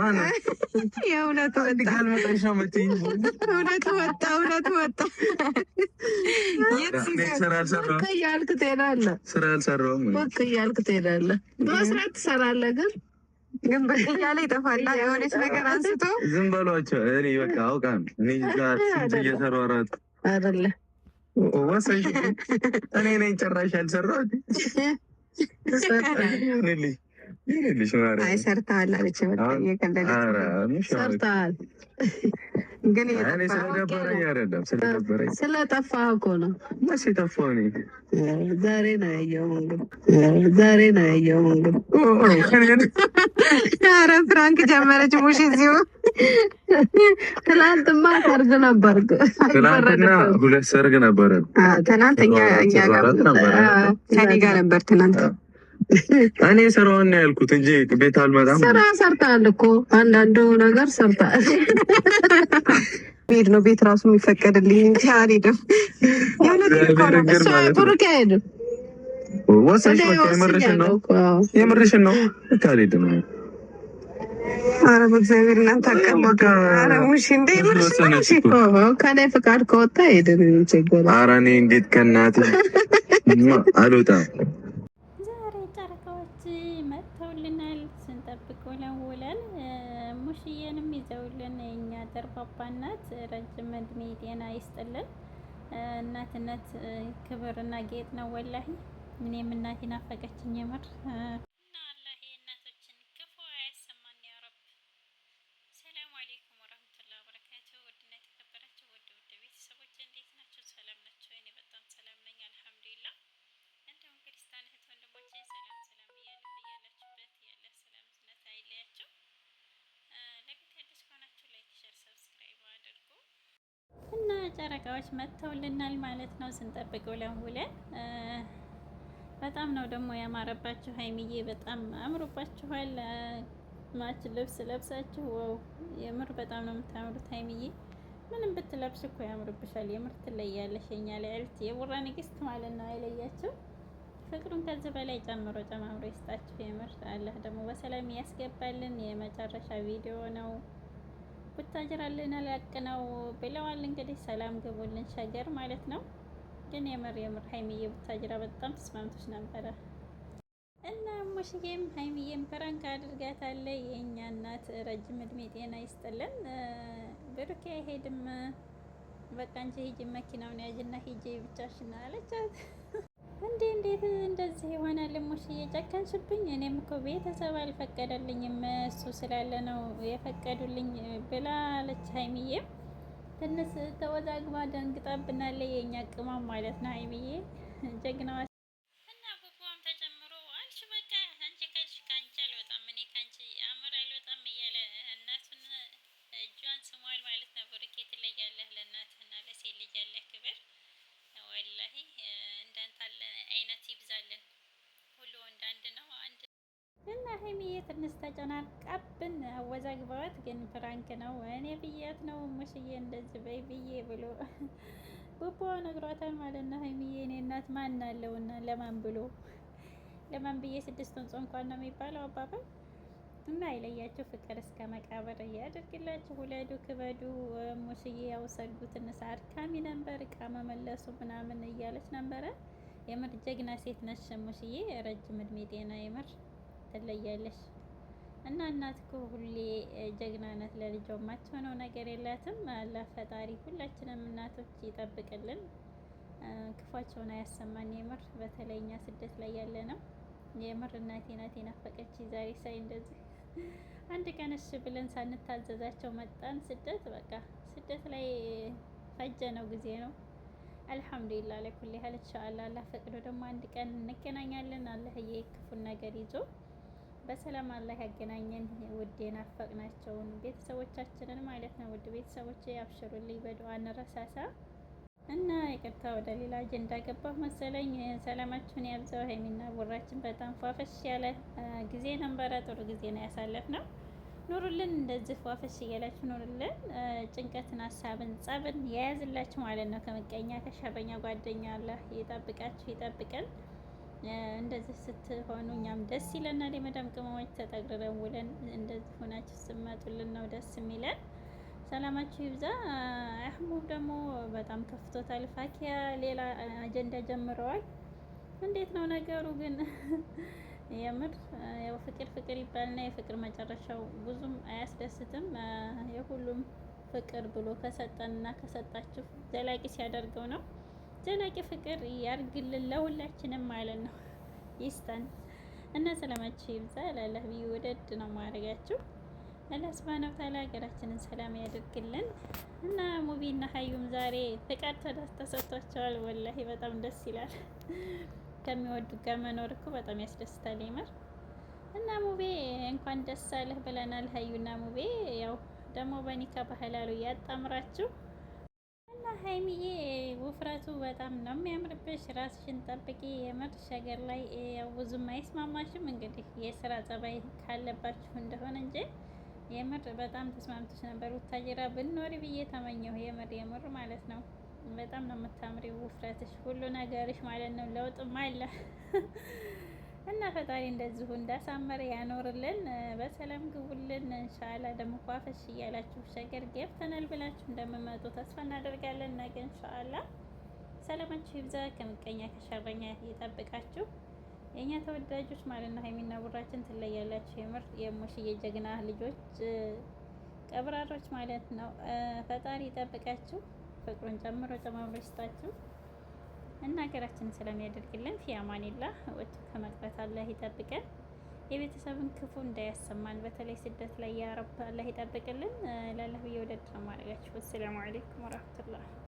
የእውነቱ ወጣ ወጣ። እያልክ ትሄዳለህ፣ እያልክ ትሄዳለህ። በስራት ትሰራለህ ግን ግን የሆነች ነገር አንስቶ ዝም በሏቸው። እኔ በቃ አውቃ እኔ ነኝ ያልሰራሁት አይ ሰርተሃል አለች። ሰርተሃል ግን ስለደበረኝ አይደለም፣ ስለደበረኝ እኮ ነው። መቼ ዛሬ ነው ዛሬ ነው ኧረ ፍራንክ ጀመረች። ሙሽ እዚሁ ሰርግ ነበር። ሁለት ሰርግ ነበረ። ትናንት እኛ ጋር ነበር። ትናንት እኔ ስራውን ያልኩት እንጂ ቤት አልመጣም። ስራ ሰርተሃል እኮ አንዳንዱ ነገር ሰርተሃል። ቤት ነው ቤት ራሱ የሚፈቀድልኝ እንጂ አልሄድም። ብሩክ አይሄድም። የምርሽን ነው የምርሽን ነው በቃ አልሄድም። እናንተ አቀበቀ አረሙሽ እንደ ምርሽ ከላይ ፍቃድ ከወጣ ሄድን ቸጎላ አረ እኔ እንዴት ከእናትህ አልወጣም ሙሽዬንም ይዘውልን የእኛ ደርባባ እናት ረጅም እድሜ ጤና ይስጥልን። እናትነት ክብርና ጌጥ ነው። ወላሂ እኔም እናቴ ናፈቀችኝ የምር ጨረቃዎች መጥተውልናል ማለት ነው። ስንጠብቀው ለውለን በጣም ነው ደግሞ ያማረባችሁ። ሀይሚዬ በጣም አምሮባችኋል። ማች ልብስ ለብሳችሁ ወው የምር በጣም ነው የምታምሩት ሀይሚዬ። ምንም ብትለብስ እኮ ያምርብሻል። የምር ትለያለሽ። የኛ ልዕልት የቡራ ንግስት ማለት ነው። አይለያችሁ ፍቅሩን ከዚህ በላይ ጨምሮ ጨማምሮ ይስጣችሁ። የምር አላህ ደግሞ በሰላም ያስገባልን። የመጨረሻ ቪዲዮ ነው። ቡታጅራ ልንለቅ ነው ብለዋል። እንግዲህ ሰላም ግቡልን ሸገር ማለት ነው። ግን የምር የምር ሀይሚዬ ቡታጅራ በጣም ተስማምቶች ነበረ እና ሙሽዬም ሀይሚዬም ፕራንክ አድርጋታለ። የእኛ እናት ረጅም እድሜ ጤና ይስጥልን። ብሩኬ አይሄድም፣ በቃ እንጂ ሂጂ፣ መኪናውን ያጅና ሂጂ ብቻሽን አለቻት። እንዴ እንዴት እንደዚህ ይሆናል? ሙሽዬ ጨከንሽብኝ። እኔም እኮ ቤተሰብ አልፈቀደልኝም እሱ ስላለ ነው የፈቀዱልኝ ብላለች ሀይሚዬ። ትንሽ ተወዛግባ ደንግጣብናለች የእኛ ቅማም ማለት ነው ሀይሚዬ ጀግናዋ እና ሀይሚዬ ትንሽ ተጨናንቃብን አወዛግበዋት፣ ግን ፍራንክ ነው እኔ ብያት ነው ሙሽዬ እንደዚህ በይ ብዬ ብሎ ቡቦ ነግሯታል ማለት ነው። ሀይሚዬ እኔ እናት ማን አለውና ለማን ብሎ ለማን ብዬ ስድስቱን ጾም እንኳን ነው የሚባለው አባባል እና አይለያችሁ፣ ፍቅር እስከ መቃብር እያደርግላችሁ፣ ሁለዱ ክበዱ። ሙሽዬ ያው ሰዱ ትንሽ አድካሚ ነበር፣ እቃ መመለሱ ምናምን እያለች ነበረ። የምር ጀግና ሴት ነሽ ሙሽዬ፣ ረጅም እድሜ ጤና የምር ትለያለች። እና እናት እኮ ሁሌ ጀግና ናት። ለልጇ የማትሆነው ነገር የላትም። አላህ ፈጣሪ ሁላችንም እናቶች ይጠብቅልን፣ ክፋቸውን አያሰማን። የምር በተለይ እኛ ስደት ላይ ያለ ነው የምር እናቴ ናት የናፈቀች ዛሬ ሳይ እንደዚህ አንድ ቀን እሺ ብለን ሳንታዘዛቸው መጣን። ስደት በቃ ስደት ላይ ፈጀ ነው ጊዜ ነው። አልሐምዱሊላህ ለኩል ያህል ኢንሻአላህ አላህ ፈቅዶ ደግሞ አንድ ቀን እንገናኛለን። አላህ የክፉን ነገር ይዞ በሰላም አላህ ያገናኘን ውድ የናፈቅናቸውን ቤተሰቦቻችንን ማለት ነው። ውድ ቤተሰቦች ያብሽሩልኝ፣ በዱዓ እንረሳሳ እና ይቅርታ ወደ ሌላ አጀንዳ ገባሁ መሰለኝ። ሰላማችሁን ያብዛው። ሀይሚና ቡራችን በጣም ፏፈሽ ያለ ጊዜ ነበረ። ጥሩ ጊዜ ነው ያሳለፍ ነው። ኑሩልን፣ እንደዚህ ፏፈሽ እያላችሁ ኑሩልን። ጭንቀትን፣ ሀሳብን፣ ጸብን የያዝላችሁ ማለት ነው። ከምቀኛ ከሻረኛ ጓደኛ አላህ ይጠብቃችሁ፣ ይጠብቀን። እንደዚህ ስትሆኑ እኛም ደስ ይለናል። የመዳም ቅመሞች ተጠቅርረን ውለን እንደዚህ ሆናችሁ ስመጡልን ነው ደስ የሚለን። ሰላማችሁ ይብዛ። አህሙም ደግሞ በጣም ከፍቶታል። ፋኪያ ሌላ አጀንዳ ጀምረዋል። እንዴት ነው ነገሩ ግን? የምር ያው ፍቅር ፍቅር ይባልና የፍቅር መጨረሻው ብዙም አያስደስትም። የሁሉም ፍቅር ብሎ ከሰጠንና ከሰጣችሁ ዘላቂ ሲያደርገው ነው። ዘላቂ ፍቅር ያርግልን ለሁላችንም ማለት ነው ይስተን እና ሰላማችሁ ይብዛ። ላለህ ብዬ ወደድ ነው ማድረጋችሁ አላህ ሱብሃነሁ ወተዓላ ሀገራችንን ሰላም ያደርግልን እና ሙቢና ሀዩም ዛሬ ፍቃድ ተሰጥቷቸዋል። ወላሂ በጣም ደስ ይላል። ከሚወዱ ጋር መኖር እኮ በጣም ያስደስታል። ይመር እና ሙቤ እንኳን ደስ አለህ ብለናል። ሀዩና ሙቤ ያው ደግሞ በኒካ ባህላሉ ያጣምራችሁ ሀይሚዬ ውፍረቱ በጣም ነው የሚያምርብሽ። ራስሽን ጠብቂ። የምርሽ ሀገር ላይ ብዙም አይስማማሽም። እንግዲህ የስራ ጸባይ ካለባችሁ እንደሆነ እንጂ የምር በጣም ተስማምቶች ነበር። ውታጀራ ብንኖሪ ብዬ ተመኘሁ። የምር የምር ማለት ነው። በጣም ነው የምታምሪ ውፍረትሽ፣ ሁሉ ነገርሽ ማለት ነው። ለውጥም አለ እና ፈጣሪ እንደዚሁ እንዳሳመረ ያኖርልን። በሰላም ግቡልን። እንሻላ ደግሞ ኳፈሽ እያላችሁ ሸገር ገብተናል ብላችሁ እንደምመጡ ተስፋ እናደርጋለን። ነገ እንሻላ ሰላማችሁ ይብዛ፣ ከምቀኛ ከሸረኛ ይጠብቃችሁ። የእኛ ተወዳጆች ማለት ነው። ሀይሚና ቡራችን ትለያላችሁ። የምር የሙሽዬ ጀግና ልጆች ቀብራሮች ማለት ነው። ፈጣሪ ይጠብቃችሁ፣ ፍቅሩን ጨምሮ ጨማምሮ ይስጣችሁ። እና ሀገራችን ሰላም ያደርግልን። ፊ አማኒላህ ወጥቶ ከመቅረት አላህ ይጠብቀን። የቤተሰብን ክፉ እንዳያሰማን፣ በተለይ ስደት ላይ ያረብ አላህ ይጠብቅልን። ላለሁ የወደድ ነው ማድረጋችሁ። አሰላሙ አለይኩም ወረህመቱላህ